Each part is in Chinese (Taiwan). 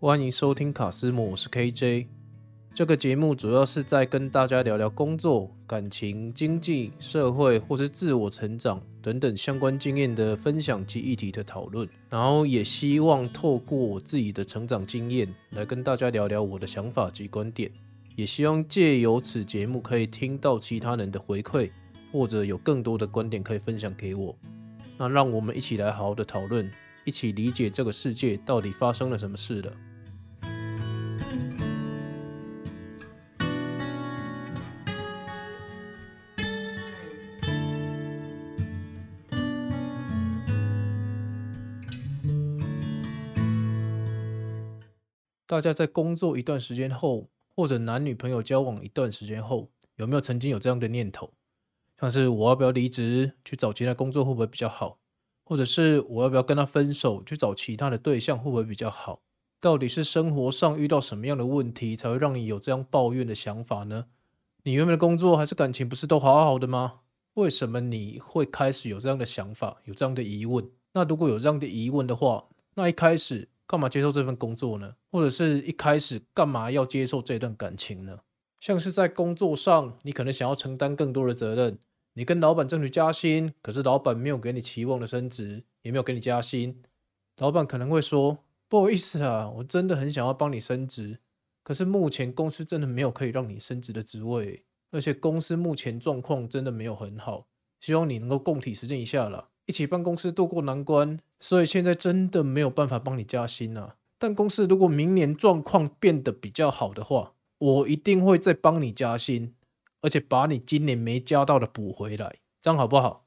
歡迎收聽卡斯姆，我是 KJ。這個節目主要是在跟大家聊聊工作、感情、經濟、社會，或是自我成長等等相關經驗的分享及議題的討論。然後也希望透過我自己的成長經驗來跟大家聊聊我的想法及觀點。也希望借由此節目可以聽到其他人的回饋，或者有更多的觀點可以分享給我。那讓我們一起來好好的討論，一起理解這個世界到底發生了什麼事了。大家在工作一段時間後，或者男女朋友交往一段時間後，有沒有曾經有這樣的念頭？像是我要不要離職去找其他工作會不會比較好？或者是我要不要跟他分手去找其他的對象會不會比較好？到底是生活上遇到什麼樣的問題才會讓你有這樣抱怨的想法呢？你原本的工作還是感情不是都好好的嗎？為什麼你會開始有這樣的想法，有這樣的疑問？那如果有這樣的疑問的話，那一開始。幹嘛接受這份工作呢？或者是一開始幹嘛要接受這段感情呢？像是在工作上，你可能想要承擔更多的責任，你跟老闆爭取加薪，可是老闆沒有給你期望的升職，也沒有給你加薪。老闆可能會說：“不好意思啊，我真的很想要幫你升職，可是目前公司真的沒有可以讓你升職的職位，而且公司目前狀況真的沒有很好，希望你能夠共體時艱一下啦，一起幫公司渡過難關。”所以現在真的沒有辦法幫你加薪啊！但公司如果明年狀況變得比較好的話，我一定會再幫你加薪，而且把你今年沒加到的補回來，這樣好不好？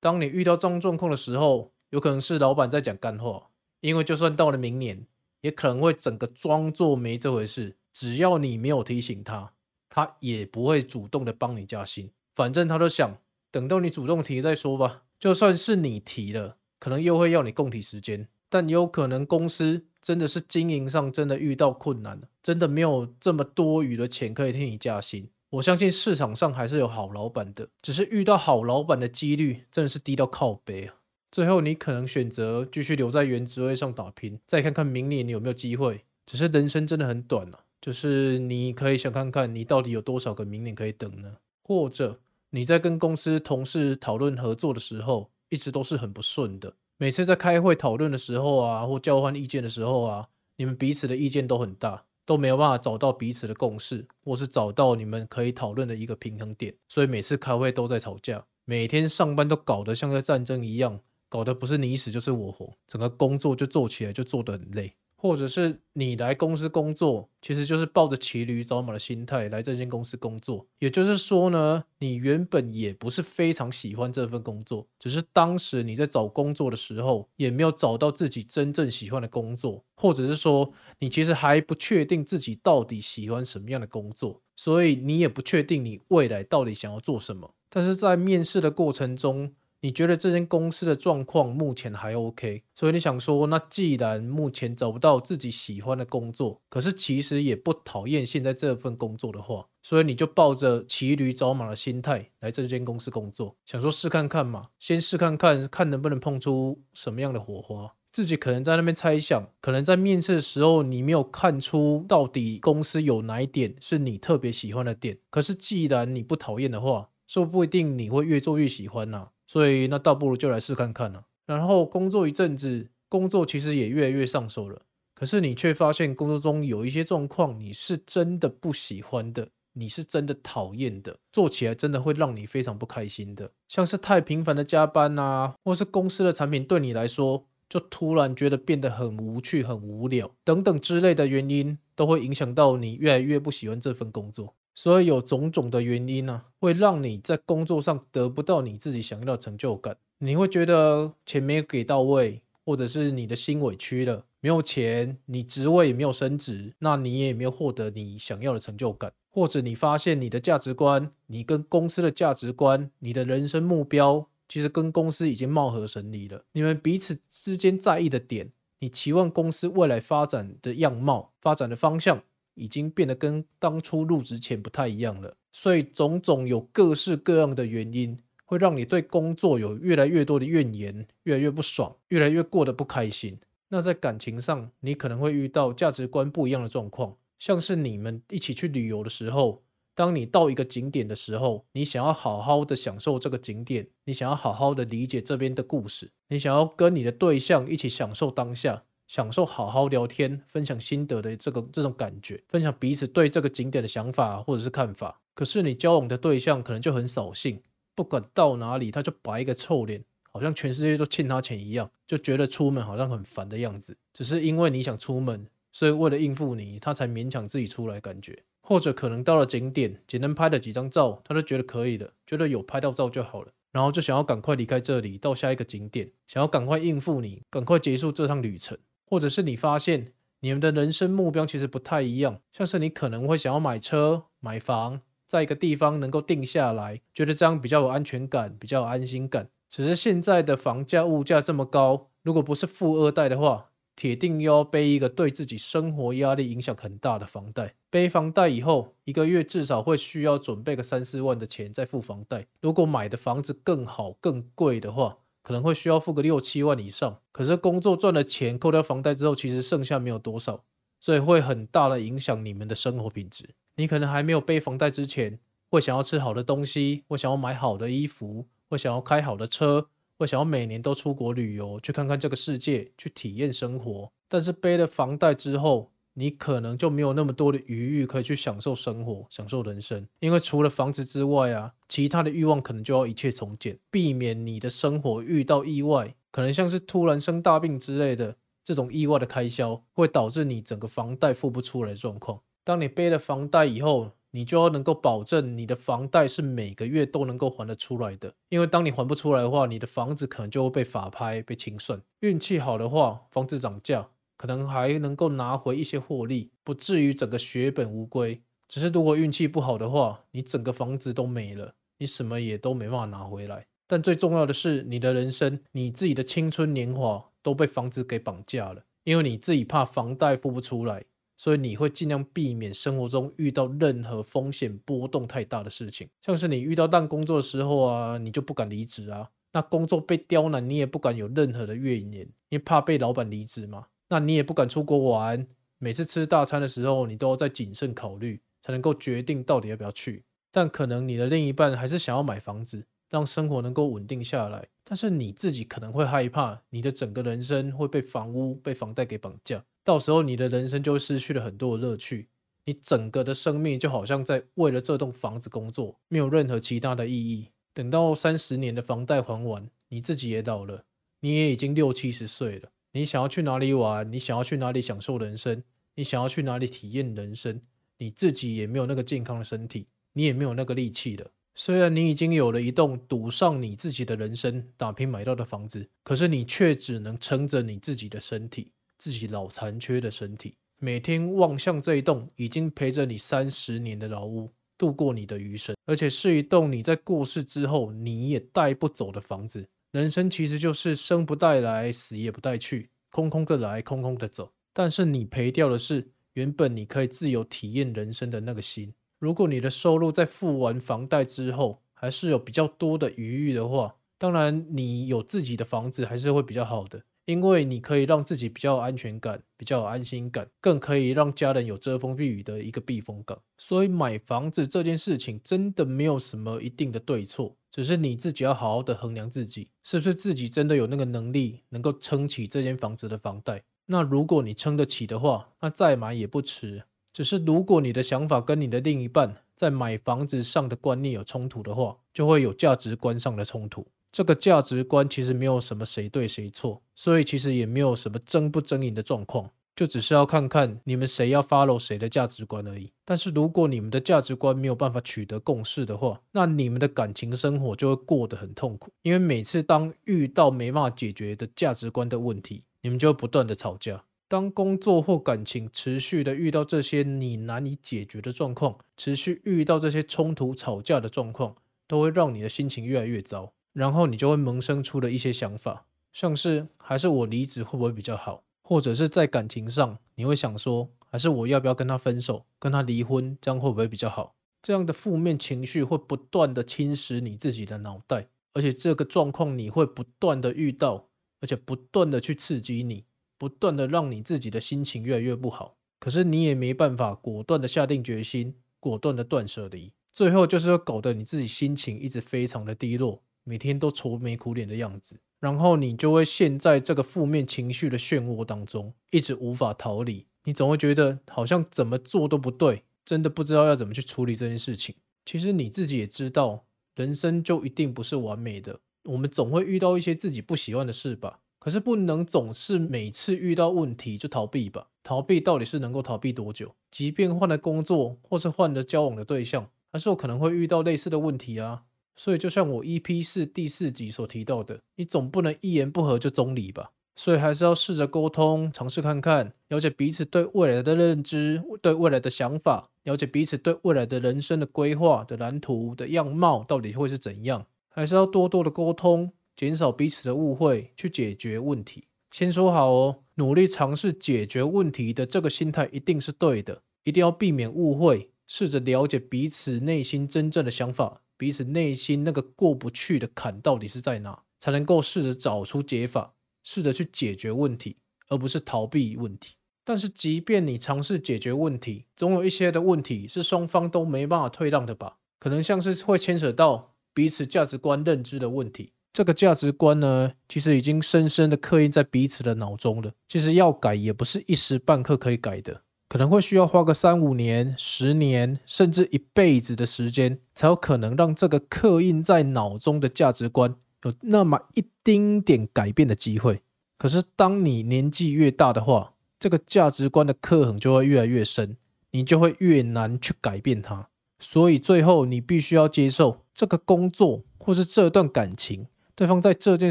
當你遇到這種狀況的時候，有可能是老闆在講幹話，因為就算到了明年，也可能會整個裝作沒這回事。只要你沒有提醒他，他也不會主動的幫你加薪。反正他就想等到你主動提再說吧。就算是你提了。可能又會要你共體時艱，但有可能公司真的是經營上真的遇到困難了，真的沒有這麼多餘的錢可以替你加薪。我相信市場上還是有好老闆的，只是遇到好老闆的幾率真的是低到靠北啊。最後，你可能選擇繼續留在原職位上打拼，再看看明年你有沒有機會。只是人生真的很短啊，就是你可以想看看你到底有多少個明年可以等呢？或者你在跟公司同事討論合作的時候。一直都是很不順的。每次在開會討論的時候啊，或交換意見的時候啊，你們彼此的意見都很大，都沒有辦法找到彼此的共識，或是找到你們可以討論的一個平衡點。所以每次開會都在吵架，每天上班都搞得像個戰爭一樣，搞得不是你死就是我活，整個工作就做起來就做得很累。或者是你來公司工作，其實就是抱着騎驢找馬的心態來這間公司工作。也就是說呢，你原本也不是非常喜歡這份工作，只是當時你在找工作的時候也沒有找到自己真正喜歡的工作，或者是說你其實還不確定自己到底喜歡什麼樣的工作，所以你也不確定你未來到底想要做什麼。但是在面試的過程中，你覺得這間公司的狀況目前還 OK，所以你想說，那既然目前找不到自己喜歡的工作，可是其實也不討厭現在這份工作的話，所以你就抱着騎驢找馬的心態來這間公司工作，想說試看看嘛，先試看看看能不能碰出什麼樣的火花。自己可能在那邊猜想，可能在面試的時候你沒有看出到底公司有哪一點是你特別喜歡的點，可是既然你不討厭的話，說不一定你會越做越喜歡吶、啊。所以那倒不如就來試看看呢、啊。然後工作一陣子，工作其實也越來越上手了。可是你卻發現工作中有一些狀況，你是真的不喜歡的，你是真的討厭的，做起來真的會讓你非常不開心的。像是太頻繁的加班啊，或是公司的產品對你來說，就突然覺得變得很無趣、很無聊等等之類的原因，都會影響到你越來越不喜歡這份工作。所以有種種的原因呢、啊，會讓你在工作上得不到你自己想要的成就感。你會覺得錢沒有給到位，或者是你的心委屈了，沒有錢，你職位也沒有升職，那你也沒有獲得你想要的成就感。或者你發現你的價值觀，你跟公司的價值觀，你的人生目標，其實跟公司已經貌合神離了。你們彼此之間在意的點，你期望公司未來發展的樣貌，發展的方向，已經變得跟當初入職前不太一樣了，所以種種有各式各樣的原因，會讓你對工作有越來越多的怨言，越來越不爽，越來越過得不開心。那在感情上，你可能會遇到價值觀不一樣的狀況，像是你們一起去旅遊的時候，當你到一個景點的時候，你想要好好的享受這個景點，你想要好好的理解這邊的故事，你想要跟你的對象一起享受當下。享受好好聊天、分享心得的這個這種感覺，分享彼此對這個景點的想法或者是看法。可是你交往的對象可能就很掃興，不管到哪裡他就擺一個臭臉，好像全世界都欠他錢一樣，就覺得出門好像很煩的樣子。只是因為你想出門，所以為了應付你，他才勉強自己出來的感覺。或者可能到了景點，簡單拍了幾張照，他都覺得可以的，覺得有拍到照就好了，然後就想要趕快離開這裡，到下一個景點，想要趕快應付你，趕快結束這趟旅程。或者是你發現你們的人生目標其實不太一樣，像是你可能會想要買車、買房，在一個地方能夠定下來，覺得這樣比較有安全感、比較有安心感。只是現在的房價、物價這麼高，如果不是富二代的話，鐵定要背一個對自己生活壓力影響很大的房貸。背房貸以後，一個月至少會需要準備個三四萬的錢在付房貸。如果買的房子更好、更貴的話，可能會需要付個六七萬以上，可是工作賺的錢扣掉房貸之後，其實剩下沒有多少，所以會很大的影響你們的生活品質。你可能還沒有背房貸之前，會想要吃好的東西，會想要買好的衣服，會想要開好的車，會想要每年都出國旅遊，去看看這個世界，去體驗生活。但是背了房貸之後，你可能就沒有那麼多的餘裕可以去享受生活、享受人生，因為除了房子之外啊，其他的慾望可能就要一切從簡，避免你的生活遇到意外，可能像是突然生大病之類的這種意外的開銷，會導致你整個房貸付不出來的狀況。當你背了房貸以後，你就要能夠保證你的房貸是每個月都能夠還得出來的，因為當你還不出來的話，你的房子可能就會被法拍、被清算。運氣好的話，房子漲價。可能還能夠拿回一些獲利，不至於整個血本無歸。只是如果運氣不好的話，你整個房子都沒了，你什麼也都沒辦法拿回來。但最重要的是，你的人生，你自己的青春年華都被房子給綁架了。因為你自己怕房貸付不出來，所以你會儘量避免生活中遇到任何風險波動太大的事情。像是你遇到爛工作的時候啊，你就不敢離職啊。那工作被刁難，你也不敢有任何的怨言，你怕被老板離職嘛？那你也不敢出國玩，每次吃大餐的時候，你都要再謹慎考慮，才能夠決定到底要不要去。但可能你的另一半還是想要買房子，讓生活能夠穩定下來。但是你自己可能會害怕，你的整個人生會被房屋、被房貸給綁架，到時候你的人生就會失去了很多的樂趣。你整個的生命就好像在為了這棟房子工作，沒有任何其他的意義。等到三十年的房貸還完，你自己也老了，你也已經六七十歲了。你想要去哪裡玩？你想要去哪裡享受人生？你想要去哪裡體驗人生？你自己也沒有那個健康的身體，你也沒有那個力氣了。雖然你已經有了一棟賭上你自己的人生打拼買到的房子，可是你卻只能撐着你自己的身體，自己老殘缺的身體，每天望向這一棟已經陪着你三十年的老屋，度過你的餘生，而且是一棟你在過世之後你也帶不走的房子。人生其實就是生不帶來，死也不帶去，空空的來，空空的走。但是你賠掉的是原本你可以自由體驗人生的那個心。如果你的收入在付完房貸之後還是有比較多的餘裕的話，當然你有自己的房子還是會比較好的，因為你可以讓自己比較有安全感，比較有安心感，更可以讓家人有遮風避雨的一個避風港。所以買房子這件事情真的沒有什麼一定的對錯。只是你自己要好好的衡量自己，是不是自己真的有那個能力能夠撐起這間房子的房貸？那如果你撐得起的話，那再買也不遲。只是如果你的想法跟你的另一半在買房子上的觀念有衝突的話，就會有價值觀上的衝突。這個價值觀其實沒有什麼誰對誰錯，所以其實也沒有什麼爭不爭贏的狀況。就只是要看看你們誰要 follow 誰的價值觀而已。但是如果你們的價值觀沒有辦法取得共識的話，那你們的感情生活就會過得很痛苦。因為每次當遇到沒辦法解決的價值觀的問題，你們就會不斷的吵架。當工作或感情持續的遇到這些你難以解決的狀況，持續遇到這些衝突吵架的狀況，都會讓你的心情越來越糟。然後你就會萌生出了一些想法，像是還是我離職會不會比較好？或者是在感情上，你會想說，還是我要不要跟他分手、跟他離婚，這樣會不會比較好？這樣的負面情緒會不斷的侵蝕你自己的腦袋，而且這個狀況你會不斷的遇到，而且不斷的去刺激你，不斷的讓你自己的心情越來越不好。可是你也沒辦法果斷的下定決心，果斷的斷舍離，最後就是要搞得你自己心情一直非常的低落。每天都愁眉苦臉的樣子，然後你就會陷在這個負面情緒的漩渦當中，一直無法逃離。你總會覺得好像怎麼做都不對，真的不知道要怎麼去處理這件事情。其實你自己也知道，人生就一定不是完美的，我們總會遇到一些自己不喜歡的事吧。可是不能總是每次遇到問題就逃避吧？逃避到底是能夠逃避多久？即便換了工作，或是換了交往的對象，還是有可能會遇到類似的問題啊。所以，就像我 EP4 第四集所提到的，你總不能一言不合就中離吧？所以還是要試着溝通，嘗試看看，了解彼此對未來的認知、對未來的想法，了解彼此對未來的人生的規劃的藍圖的樣貌到底會是怎樣。還是要多多的溝通，減少彼此的誤會，去解決問題。先說好哦，努力嘗試解決問題的這個心態一定是對的，一定要避免誤會，試着了解彼此內心真正的想法。彼此內心那個過不去的坎到底是在哪，才能夠試着找出解法，試着去解決問題，而不是逃避問題。但是，即便你嘗試解決問題，總有一些的問題是雙方都沒辦法退讓的吧？可能像是會牽扯到彼此價值觀認知的問題。這個價值觀呢，其實已經深深的刻印在彼此的腦中了。其實要改，也不是一時半刻可以改的。可能會需要花個三五年、十年，甚至一輩子的時間，才有可能讓這個刻印在腦中的價值觀有那麼一丁點改變的機會。可是，當你年紀越大的話，這個價值觀的刻痕就會越來越深，你就會越難去改變它。所以，最後你必須要接受這個工作或是這段感情，對方在這件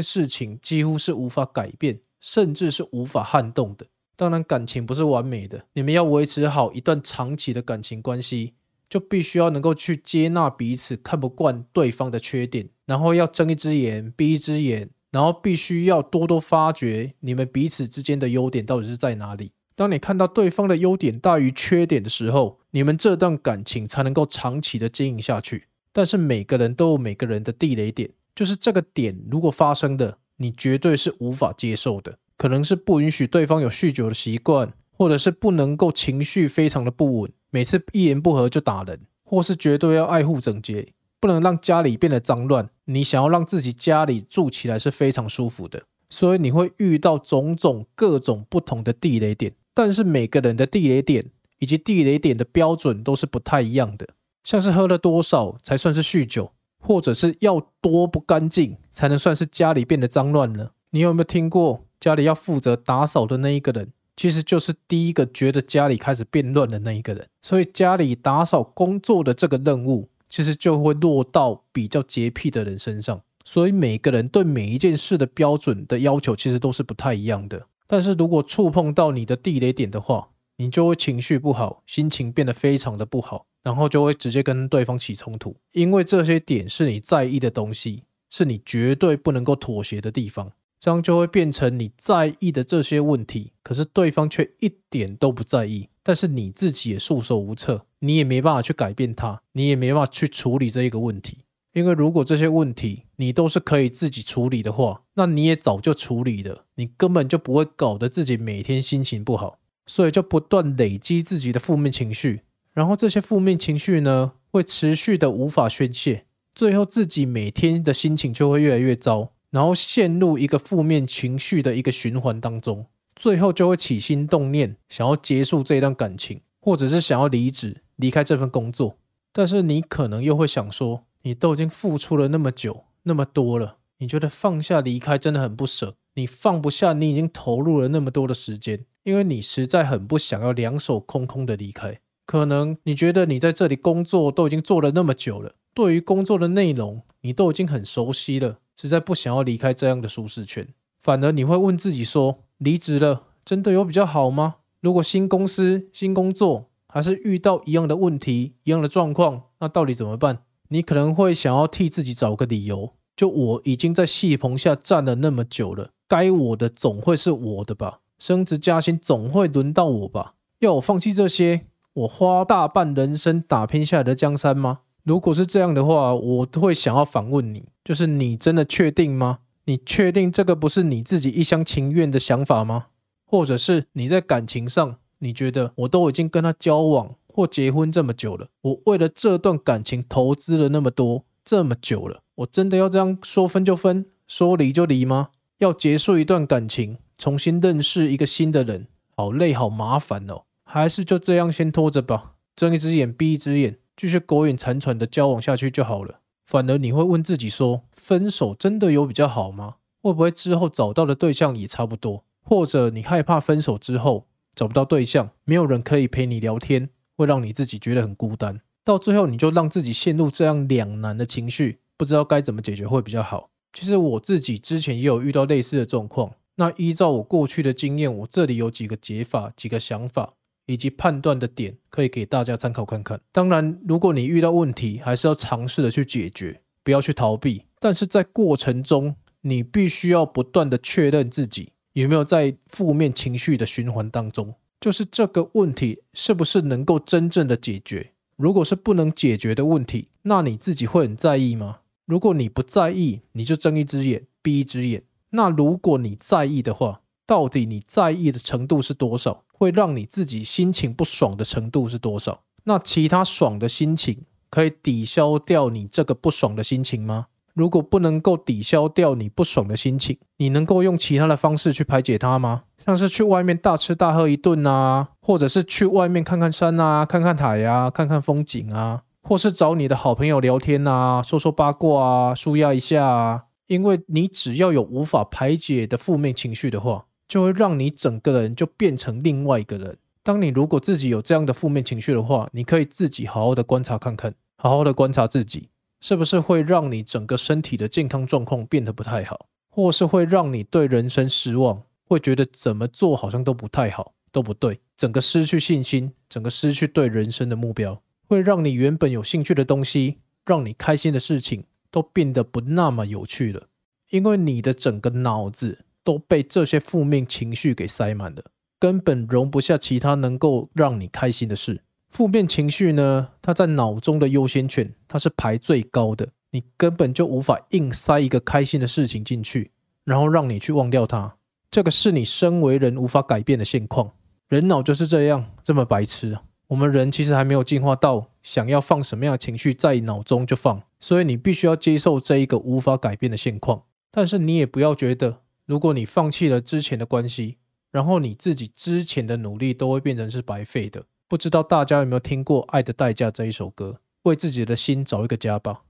事情幾乎是無法改變，甚至是無法撼動的。當然，感情不是完美的。你們要維持好一段長期的感情關係，就必須要能夠去接納彼此看不慣對方的缺點，然後要睜一隻眼閉一隻眼，然後必須要多多發掘你們彼此之間的優點到底是在哪裡。當你看到對方的優點大於缺點的時候，你們這段感情才能夠長期的經營下去。但是每個人都有每個人的地雷點，就是這個點如果發生的，你絕對是無法接受的。可能是不允許對方有酗酒的習慣，或者是不能夠情緒非常的不穩，每次一言不合就打人，或是絕對要愛護整潔，不能讓家裡變得髒亂。你想要讓自己家裡住起來是非常舒服的，所以你會遇到種種各種不同的地雷點。但是每個人的地雷點以及地雷點的標準都是不太一樣的，像是喝了多少才算是酗酒，或者是要多不乾淨才能算是家裡變得髒亂呢？你有沒有聽過？家裡要負責打掃的那一個人，其實就是第一個覺得家裡開始變亂的那一個人，所以家裡打掃工作的這個任務，其實就會落到比較潔癖的人身上。所以每個人對每一件事的標準的要求，其實都是不太一樣的。但是如果觸碰到你的地雷點的話，你就會情緒不好，心情變得非常的不好，然後就會直接跟對方起衝突，因為這些點是你在意的東西，是你絕對不能夠妥協的地方。這樣就會變成你在意的這些問題，可是對方卻一點都不在意。但是你自己也束手無策，你也沒辦法去改變他，你也沒辦法去處理這一個問題。因為如果這些問題你都是可以自己處理的話，那你也早就處理了，你根本就不會搞得自己每天心情不好，所以就不斷累積自己的負面情緒。然後這些負面情緒呢，會持續的無法宣洩，最後自己每天的心情就會越來越糟。然後陷入一個負面情緒的一個循環當中，最後就會起心動念，想要結束這段感情，或者是想要離職，離開這份工作。但是你可能又會想說，你都已經付出了那麼久、那麼多了，你覺得放下離開真的很不舍，你放不下，你已經投入了那麼多的時間，因為你實在很不想要兩手空空的離開。可能你覺得你在這裡工作都已經做了那麼久了，對於工作的內容你都已經很熟悉了。實在不想要離開這樣的舒適圈，反而你會問自己說：離職了，真的有比較好嗎？如果新公司、新工作還是遇到一樣的問題、一樣的狀況，那到底怎麼辦？你可能會想要替自己找個理由：就我已經在戲棚下站了那麼久了，該我的總會是我的吧？升職加薪總會輪到我吧？要我放棄這些我花大半人生打拼下來的江山嗎？如果是這樣的話，我會想要反問你。就是你真的確定嗎？你確定這個不是你自己一廂情願的想法嗎？或者是你在感情上，你覺得我都已經跟他交往或結婚這麼久了，我為了這段感情投資了那麼多，這麼久了，我真的要這樣說分就分，說離就離嗎？要結束一段感情，重新認識一個新的人，好累，好麻煩哦，還是就這樣先拖着吧，睜一只眼閉一只眼，繼續苟延殘喘的交往下去就好了。反而你會問自己說，分手真的有比較好嗎？會不會之後找到的對象也差不多？或者你害怕分手之後找不到對象，沒有人可以陪你聊天，會讓你自己覺得很孤單。到最後你就讓自己陷入這樣兩難的情緒，不知道該怎麼解決會比較好。其實我自己之前也有遇到類似的狀況，那依照我過去的經驗，我這裡有幾個解法，幾個想法。以及判斷的點可以給大家參考看看。當然，如果你遇到問題，還是要嘗試的去解決，不要去逃避。但是在過程中，你必須要不斷的確認自己有沒有在負面情緒的循環當中。就是這個問題是不是能夠真正的解決？如果是不能解決的問題，那你自己會很在意嗎？如果你不在意，你就睜一只眼閉一只眼。那如果你在意的話，到底你在意的程度是多少？會讓你自己心情不爽的程度是多少？那其他爽的心情可以抵消掉你這個不爽的心情嗎？如果不能夠抵消掉你不爽的心情，你能夠用其他的方式去排解它嗎？像是去外面大吃大喝一頓啊，或者是去外面看看山啊、看看海呀、啊、看看風景啊，或是找你的好朋友聊天啊、說說八卦啊、舒壓一下啊。因為你只要有無法排解的負面情緒的話，就會讓你整個人就變成另外一個人。當你如果自己有這樣的負面情緒的話，你可以自己好好的觀察看看，好好的觀察自己，是不是會讓你整個身體的健康狀況變得不太好，或是會讓你對人生失望，會覺得怎麼做好像都不太好，都不對，整個失去信心，整個失去對人生的目標，會讓你原本有興趣的東西，讓你開心的事情都變得不那麼有趣了，因為你的整個腦子。都被這些負面情緒給塞滿了，根本容不下其他能夠讓你開心的事。負面情緒呢，它在腦中的優先權，它是排最高的，你根本就無法硬塞一個開心的事情進去，然後讓你去忘掉它。這個是你身為人無法改變的現況，人腦就是這樣，這麼白痴，我們人其實還沒有進化到想要放什麼樣的情緒在腦中就放，所以你必須要接受這一個無法改變的現況。但是你也不要覺得。如果你放棄了之前的關係，然後你自己之前的努力都會變成是白費的。不知道大家有沒有聽過《愛的代價》這一首歌？為自己的心找一個家吧。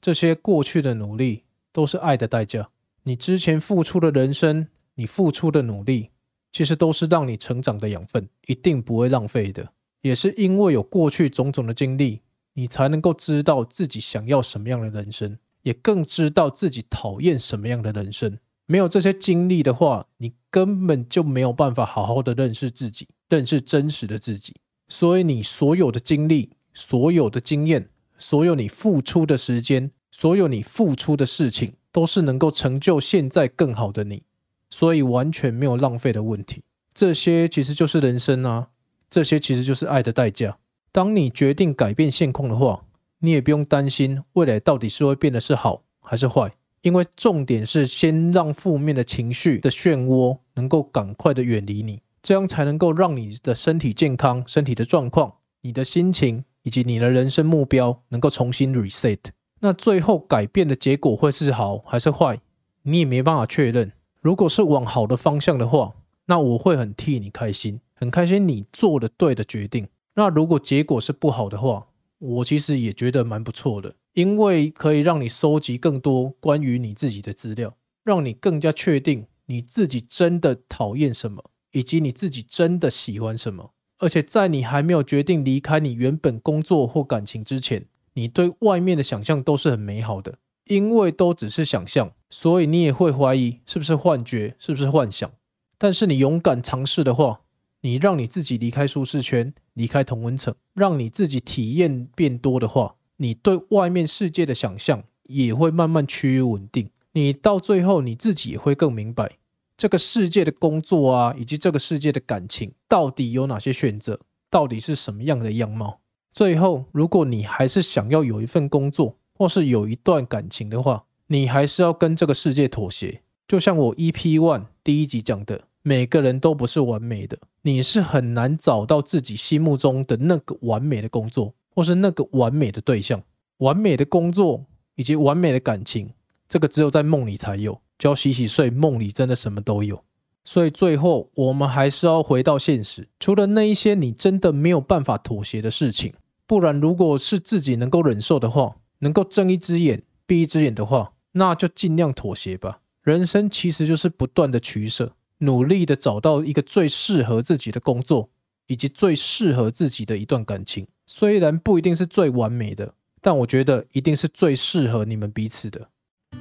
這些過去的努力都是愛的代價。你之前付出的人生，你付出的努力，其實都是讓你成長的養分，一定不會浪費的。也是因為有過去種種的經歷，你才能夠知道自己想要什麼樣的人生，也更知道自己討厭什麼樣的人生。沒有這些經歷的話，你根本就沒有辦法好好的認識自己，認識真實的自己。所以你所有的經歷、所有的經驗、所有你付出的時間、所有你付出的事情，都是能夠成就現在更好的你。所以完全沒有浪費的問題。這些其實就是人生啊，這些其實就是愛的代價。當你決定改變現況的話，你也不用擔心未來到底是會變得是好還是壞。因為重點是先讓負面的情緒的漩渦能夠趕快的遠離你，這樣才能夠讓你的身體健康、身體的狀況、你的心情以及你的人生目標能夠重新 reset。那最後改變的結果會是好還是壞，你也沒辦法確認。如果是往好的方向的話，那我會很替你開心，很開心你做的對的決定。那如果結果是不好的話，我其實也覺得蠻不錯的。因為可以讓你收集更多關於你自己的資料，讓你更加確定你自己真的討厭什麼，以及你自己真的喜歡什麼。而且在你還沒有決定離開你原本工作或感情之前，你對外面的想象都是很美好的，因為都只是想象，所以你也會懷疑是不是幻覺，是不是幻想。但是你勇敢嘗試的話，你讓你自己離開舒適圈，離開同溫層，讓你自己體驗變多的話。你對外面世界的想象也會慢慢趨於穩定，你到最後你自己也會更明白這個世界的工作啊，以及這個世界的感情到底有哪些選擇，到底是什麼樣的樣貌。最後，如果你還是想要有一份工作，或是有一段感情的話，你還是要跟這個世界妥協。就像我 EP One 第一集講的，每個人都不是完美的，你是很難找到自己心目中的那個完美的工作。或是那個完美的對象、完美的工作以及完美的感情，這個只有在夢裡才有。只要洗洗睡，夢裡真的什麼都有。所以最後，我們還是要回到現實。除了那一些你真的沒有辦法妥協的事情，不然如果是自己能夠忍受的話，能夠睜一隻眼閉一隻眼的話，那就盡量妥協吧。人生其實就是不斷的取捨，努力的找到一個最適合自己的工作，以及最適合自己的一段感情。雖然不一定是最完美的，但我覺得一定是最適合你們彼此的。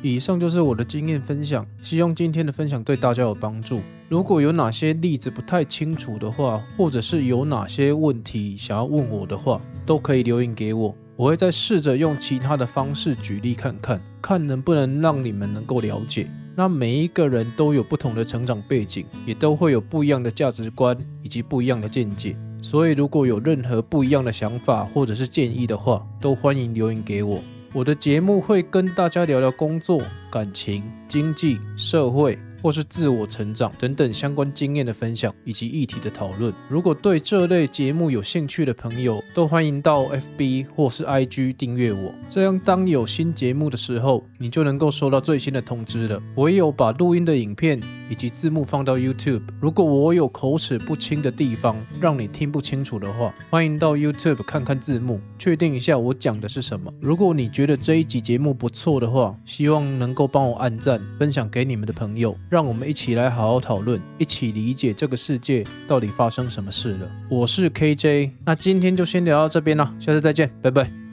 以上就是我的經驗分享，希望今天的分享對大家有幫助。如果有哪些例子不太清楚的話，或者是有哪些問題想要問我的話，都可以留言給我，我會再試着用其他的方式舉例看看，看能不能讓你們能夠了解。那每一個人都有不同的成長背景，也都會有不一樣的價值觀，以及不一樣的見解。所以，如果有任何不一樣的想法或者是建議的話，都歡迎留言給我。我的節目會跟大家聊聊工作、感情、經濟、社會，或是自我成長等等相關經驗的分享以及議題的討論。如果對這類節目有興趣的朋友，都歡迎到 FB 或是 IG 訂閱我，這樣當有新節目的時候，你就能夠收到最新的通知了。我也有把錄音的影片。以及字幕放到 YouTube。如果我有口齒不清的地方，讓你聽不清楚的話，歡迎到 YouTube 看看字幕，確定一下我講的是什麼。如果你覺得這一集節目不錯的話，希望能夠幫我按讚，分享給你們的朋友，讓我們一起來好好討論，一起理解這個世界到底發生什麼事了。我是 KJ，那今天就先聊到這邊啦，下次再見，拜拜。